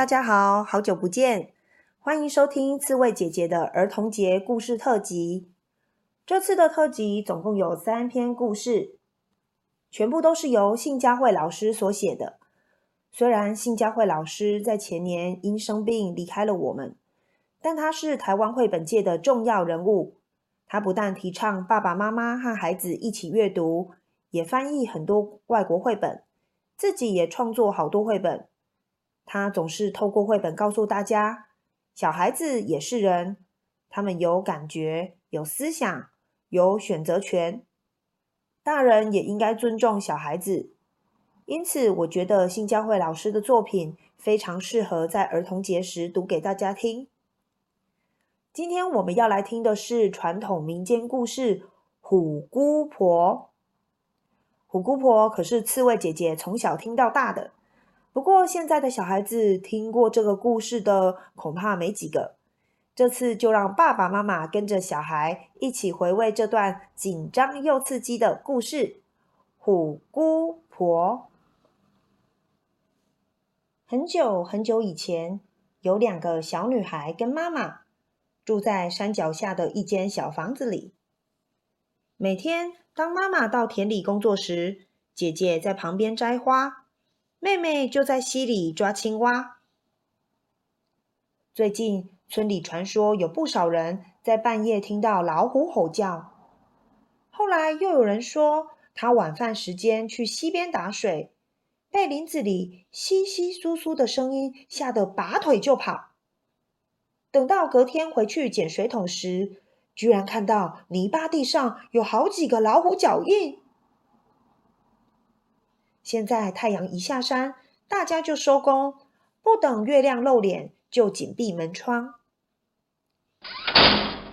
大家好，好久不見，歡迎收聽刺蝟姐姐的兒童節故事特輯。這次的特輯總共有三篇故事，全部都是由幸佳慧老師所寫的。雖然幸佳慧老師在前年因生病離開了我們，但她是台灣繪本界的重要人物。她不但提倡爸爸媽媽和孩子一起閱讀，也翻譯很多外國繪本，自己也創作好多繪本。他總是透過繪本告訴大家，小孩子也是人，他們有感覺、有思想、有選擇權，大人也應該尊重小孩子。因此，我覺得幸佳慧老師的作品非常適合在兒童節時讀給大家聽。今天我們要來聽的是傳統民間故事《虎姑婆》。虎姑婆可是刺蝟姐姐從小聽到大的。不過，現在的小孩子聽過這個故事的恐怕沒幾個。這次就讓爸爸媽媽跟着小孩一起回味這段緊張又刺激的故事——虎姑婆。很久很久以前，有兩個小女孩跟媽媽住在山腳下的一間小房子裡。每天，當媽媽到田裡工作時，姐姐在旁邊摘花。妹妹就在溪裡抓青蛙。最近村裡傳說有不少人在半夜聽到老虎吼叫，後來又有人說，他晚飯時間去溪邊打水，被林子裡窸窸窣窣的聲音嚇得拔腿就跑。等到隔天回去撿水桶時，居然看到泥巴地上有好幾個老虎腳印。現在太陽一下山，大家就收工，不等月亮露臉就緊閉門窗。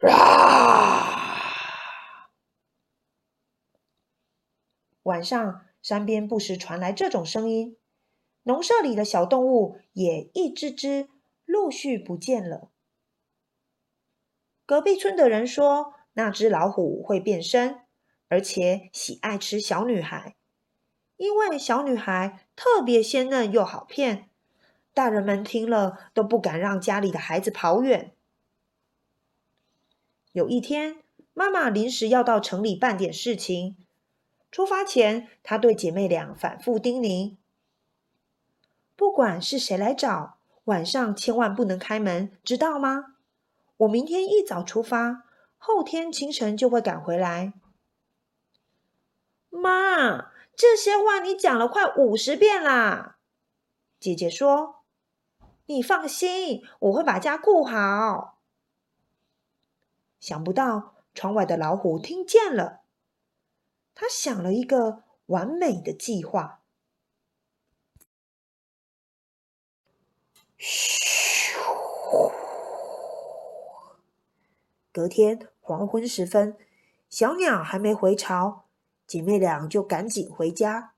啊、 晚上，山邊不時傳來這種聲音，農舍裡的小動物也一只只陸續不見了。隔壁村的人說，那只老虎會變身，而且喜愛吃小女孩。因為小女孩特別鮮嫩又好騙，大人們聽了都不敢讓家裡的孩子跑遠。有一天，媽媽臨時要到城裡辦點事情，出發前，她對姐妹倆反覆叮嚀：“不管是誰來找，晚上千萬不能開門，知道嗎？”“我明天一早出發，後天清晨就會趕回來。”媽。這些話你講了快五十遍啦，姐姐說：“你放心，我會把家顧好。”想不到窗外的老虎聽見了，他想了一個完美的計劃。噓！隔天黃昏時分，小鳥還沒回巢。姐妹倆就趕緊回家。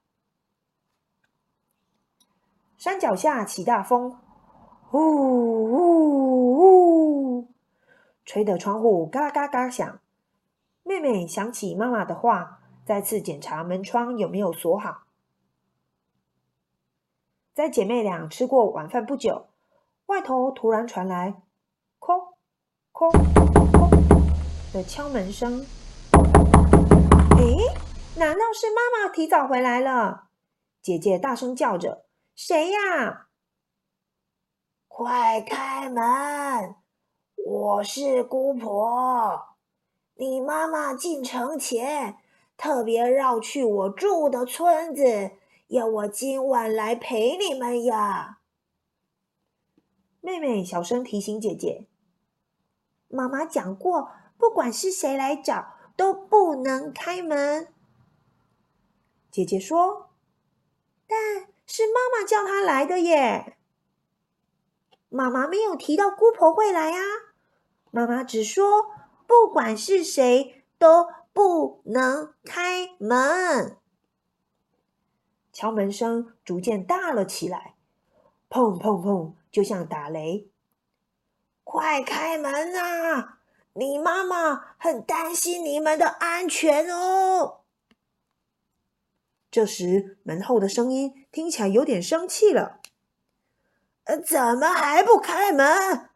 山腳下起大風，嗚嗚嗚，吹得窗戶嘎嘎嘎響。妹妹想起媽媽的話，再次檢查門窗有沒有鎖好。在姐妹倆吃過晚飯不久，外頭突然傳來“叩叩叩”的敲門聲。難道是媽媽提早回來了？姐姐大聲叫着：“誰呀？快開門！我是姑婆。你媽媽進城前特別繞去我住的村子，要我今晚來陪你們呀。”妹妹小聲提醒姐姐：“媽媽講過，不管是誰來找，都不能開門。”姐姐說：“但是媽媽叫她來的耶，媽媽沒有提到姑婆會來啊。媽媽只說，不管是誰，都不能開門。”敲門聲逐漸大了起來，砰砰砰，就像打雷。快開門啊！你媽媽很擔心你們的安全哦！這時，門後的聲音聽起來有點生氣了。“呃，怎麼還不開門？”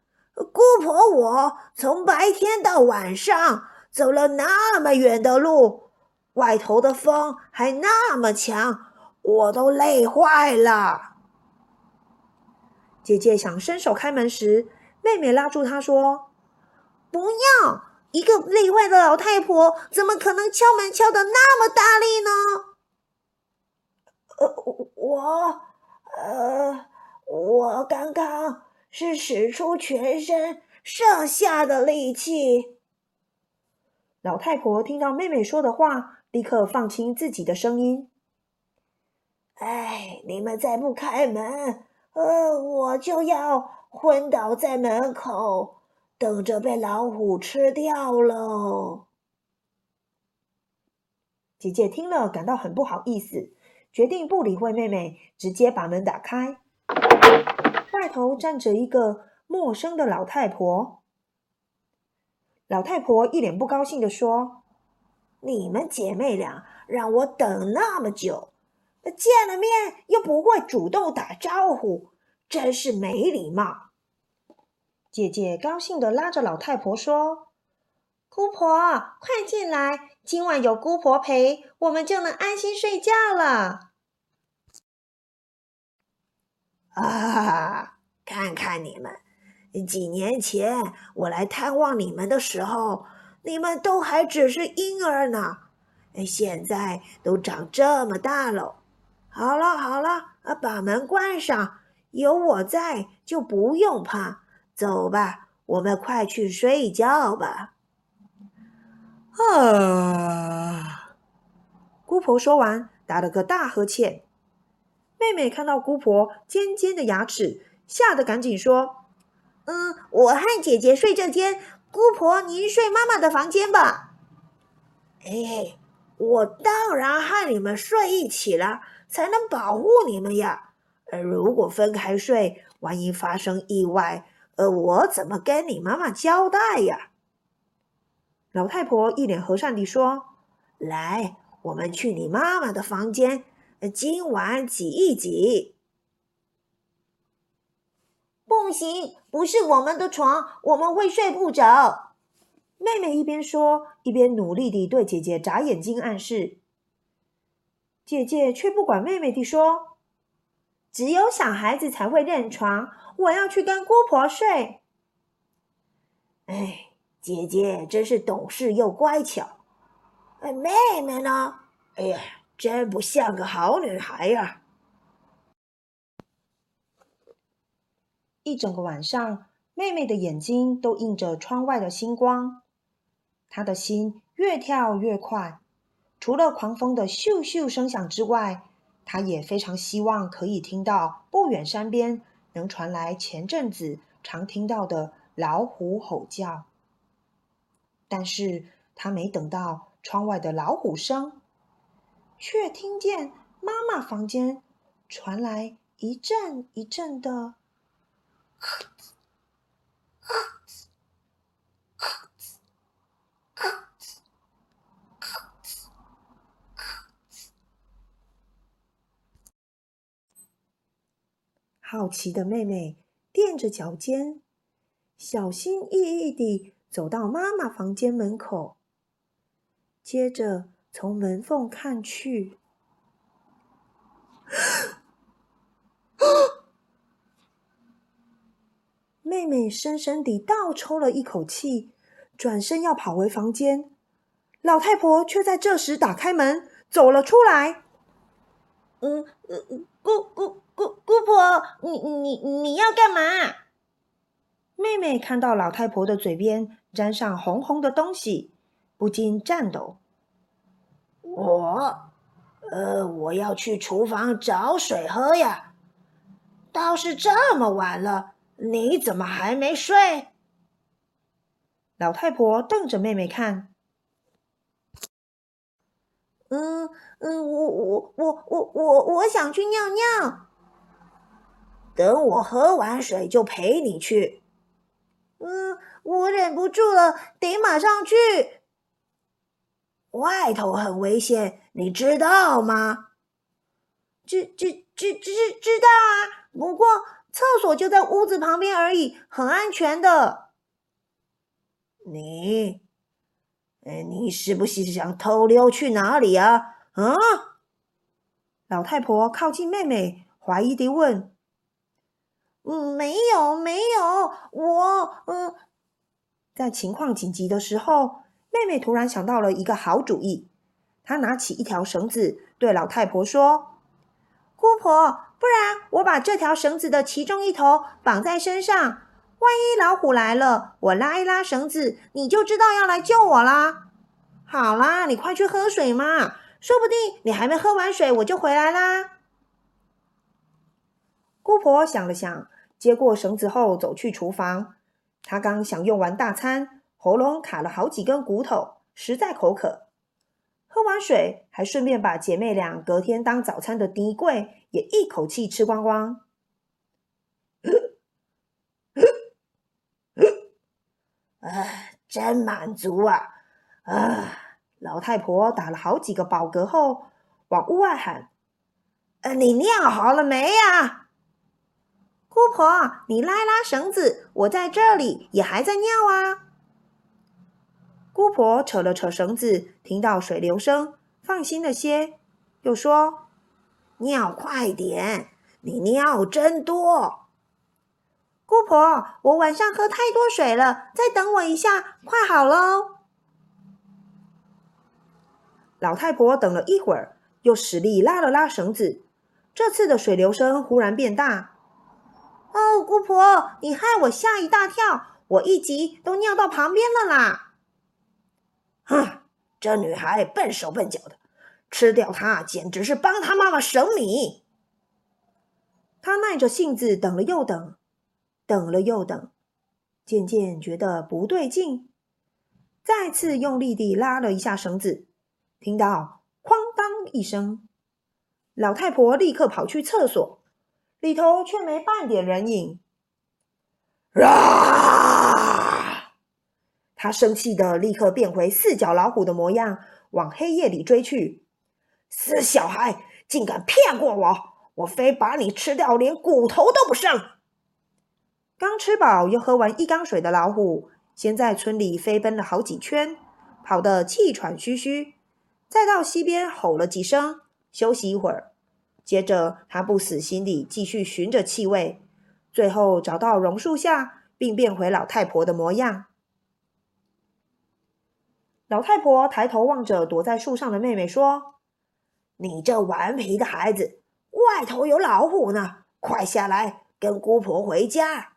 姑婆，我從白天到晚上走了那麼遠的路，外頭的風還那麼強，我都累壞了。姐姐想伸手開門時，妹妹拉住她說：“不要，一個累壞的老太婆怎麼可能敲門敲得那麼大力呢？”呃，我，呃，我剛剛是使出全身剩下的力氣。老太婆聽到妹妹說的話，立刻放輕自己的聲音：“哎，你們再不開門，呃，我就要昏倒在門口，等着被老虎吃掉了。”姐姐聽了，感到很不好意思。決定不理會妹妹，直接把門打開。外頭站着一個陌生的老太婆。老太婆一臉不高興地說：“你們姐妹倆讓我等那麼久，見了面又不會主動打招呼，真是沒禮貌。”姐姐高興地拉着老太婆說：“姑婆，快進來，今晚有姑婆陪，我們就能安心睡覺了。”啊！看看你們，幾年前我來探望你們的時候，你們都還只是嬰兒呢，現在都長這麼大了。好了好了，把門關上，有我在就不用怕。走吧，我們快去睡覺吧。啊！姑婆說完，打了個大呵欠。妹妹看到姑婆尖尖的牙齒，嚇得趕緊說：“嗯，我和姐姐睡這間，姑婆您睡媽媽的房間吧。”“哎，我當然和你們睡一起了，才能保護你們呀。而如果分開睡，萬一發生意外，呃，我怎麼跟你媽媽交代呀？”老太婆一臉和善地說：“來，我們去你媽媽的房間。”今晚擠一擠，不行，不是我們的床，我們會睡不着。妹妹一邊說，一邊努力地對姐姐眨眼睛暗示。姐姐卻不管妹妹地說：“只有小孩子才會認床，我要去跟姑婆睡。”哎，姐姐真是懂事又乖巧。哎，妹妹呢？哎呀！真不像個好女孩啊。一整個晚上，妹妹的眼睛都映着窗外的星光，她的心越跳越快。除了狂風的咻咻聲響之外，她也非常希望可以聽到不遠山邊能傳來前陣子常聽到的老虎吼叫。但是她沒等到窗外的老虎聲。卻聽見媽媽房間傳來一陣一陣的咳，咳，咳，咳，咳，咳，咳。好奇的妹妹踮着腳尖，小心翼翼地走到媽媽房間門口，接着。從門縫看去， 妹妹深深地倒抽了一口氣，轉身要跑回房間。老太婆卻在這時打開門走了出來。“嗯，姑姑姑姑婆，你你你要幹嘛？”妹妹看到老太婆的嘴邊沾上紅紅的東西，不禁顫抖。我、哦，呃，我要去廚房找水喝呀。倒是這麼晚了，你怎麼還沒睡？老太婆瞪着妹妹看。嗯嗯，我我我我我我想去尿尿。等我喝完水就陪你去。嗯，我忍不住了，得馬上去。外頭很危險，你知道嗎？知知知知知道啊！不過廁所就在屋子旁邊而已，很安全的。你，你是不是想偷溜去哪裡啊？啊！老太婆靠近妹妹，懷疑地問：“嗯，沒有沒有，我嗯，在情況緊急的時候。”妹妹突然想到了一個好主意，她拿起一條繩子，對老太婆說：“姑婆，不然我把這條繩子的其中一頭綁在身上，萬一老虎來了，我拉一拉繩子，你就知道要來救我啦。”“好啦，你快去喝水嘛，說不定你還沒喝完水，我就回來啦。”姑婆想了想，接過繩子後走去廚房。她剛享用完大餐，喉嚨卡了好幾根骨頭，實在口渴，喝完水還順便把姐妹倆隔天當早餐的低桂也一口氣吃光光。啊、嗯嗯嗯，真滿足啊！啊，老太婆打了好幾個飽嗝後，往屋外喊：“呃、你尿好了沒呀、啊？姑婆，你拉拉繩子，我在這裡也還在尿啊。”姑婆扯了扯繩子，聽到水流聲，放心了些，又說：“尿快點，你尿真多。”姑婆，我晚上喝太多水了，再等我一下，快好嘍。老太婆等了一會兒，又使力拉了拉繩子，這次的水流聲忽然變大。哦，姑婆，你害我嚇一大跳，我一急都尿到旁邊了啦。啊，這女孩笨手笨腳的，吃掉她簡直是幫她媽媽省米。她耐着性子等了又等，等了又等，漸漸覺得不對勁，再次用力地拉了一下繩子，聽到哐當一聲，老太婆立刻跑去廁所，裡頭卻沒半點人影。啊他生氣的立刻變回四腳老虎的模樣，往黑夜裡追去。死小孩，竟敢騙過我！我非把你吃掉，連骨頭都不剩。剛吃飽又喝完一缸水的老虎，先在村裡飛奔了好幾圈，跑得氣喘吁吁，再到溪邊吼了幾聲，休息一會兒。接着，他不死心地繼續循着氣味，最後找到榕樹下，並變回老太婆的模樣。老太婆抬頭望着躲在樹上的妹妹，說：“你這頑皮的孩子，外頭有老虎呢，快下來跟姑婆回家。”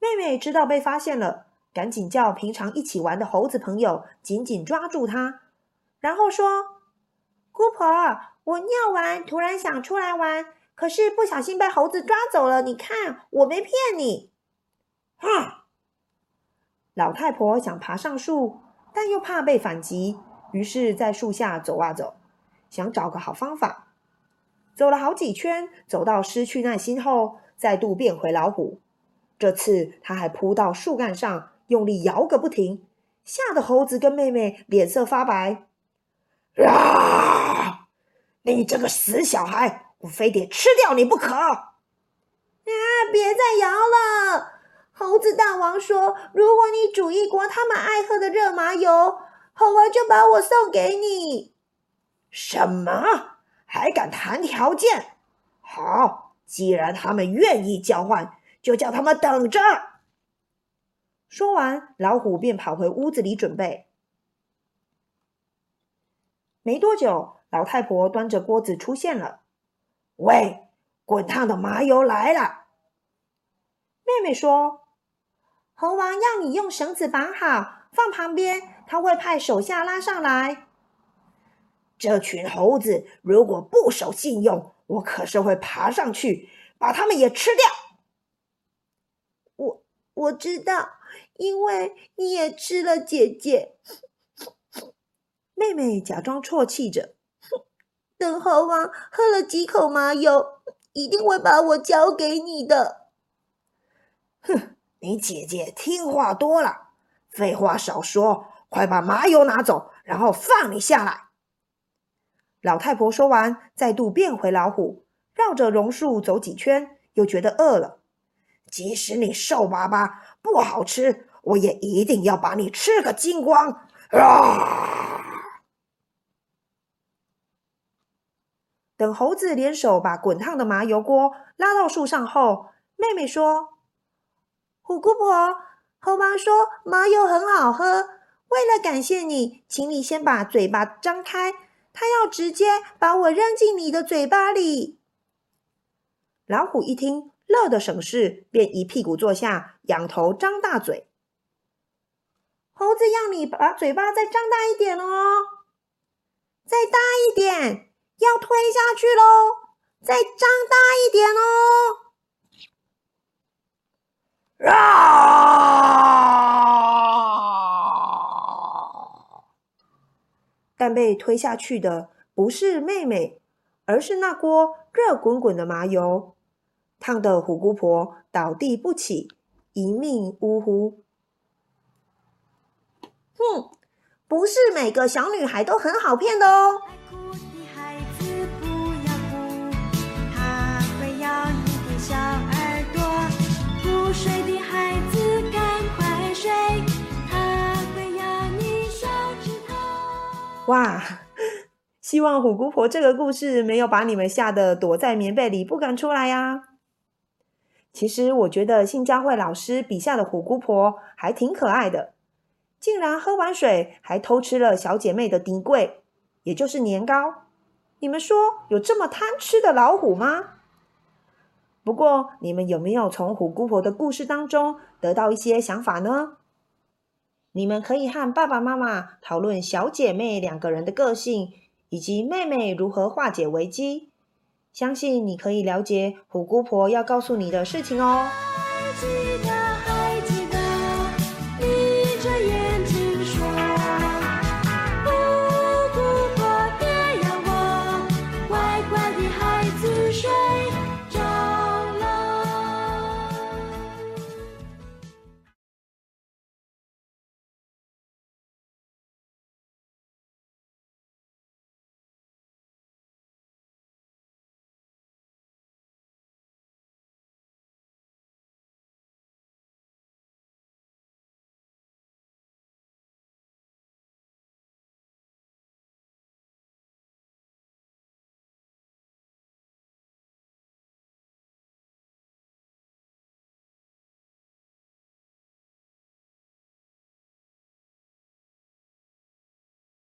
妹妹知道被發現了，趕緊叫平常一起玩的猴子朋友緊緊抓住她，然後說：“姑婆，我尿完突然想出來玩，可是不小心被猴子抓走了。你看，我沒騙你。嗯”啊！老太婆想爬上樹。但又怕被反擊，於是，在樹下走啊走，想找個好方法。走了好幾圈，走到失去耐心後，再度變回老虎。這次，他還撲到樹幹上，用力搖個不停，嚇得猴子跟妹妹臉色發白。啊！你這個死小孩，我非得吃掉你不可！啊！別再搖了！猴子大王說：“如果你煮一鍋他們愛喝的熱麻油，猴王就把我送給你。”“什麼？還敢談條件？”“好，既然他們願意交換，就叫他們等着。”說完，老虎便跑回屋子裡準備。沒多久，老太婆端着鍋子出現了。“喂，滾燙的麻油來了。”妹妹說。猴王要你用繩子綁好，放旁邊，他會派手下拉上來。這群猴子如果不守信用，我可是會爬上去把他們也吃掉。我我知道，因為你也吃了姐姐。妹妹假裝啜泣着，等猴王喝了幾口麻油，一定會把我交給你的。哼。你姐姐聽話多了，廢話少說，快把麻油拿走，然後放你下來。老太婆說完，再度變回老虎，繞着榕樹走幾圈，又覺得餓了。即使你瘦巴巴不好吃，我也一定要把你吃個精光！啊！等猴子聯手把滾燙的麻油鍋拉到樹上後，妹妹說。虎姑婆，猴王說麻油很好喝。為了感謝你，請你先把嘴巴張開，他要直接把我扔進你的嘴巴裡。老虎一聽，樂得省事，便一屁股坐下，仰頭張大嘴。猴子讓你把嘴巴再張大一點哦，再大一點，要推下去嘍，再張大一點哦。啊！但被推下去的不是妹妹，而是那鍋熱滾滾的麻油，燙得虎姑婆倒地不起，一命嗚呼。哼、嗯，不是每個小女孩都很好騙的哦。哇，希望虎姑婆這個故事沒有把你們嚇得躲在棉被裡不敢出來呀，啊！其實我覺得幸佳慧老師筆下的虎姑婆還挺可愛的，竟然喝完水還偷吃了小姐妹的甜粿，也就是年糕。你們說有這麼貪吃的老虎嗎？不過你們有沒有從虎姑婆的故事當中得到一些想法呢？你們可以和爸爸媽媽討論小姐妹兩個人的個性，以及妹妹如何化解危機。相信你可以了解虎姑婆要告訴你的事情哦。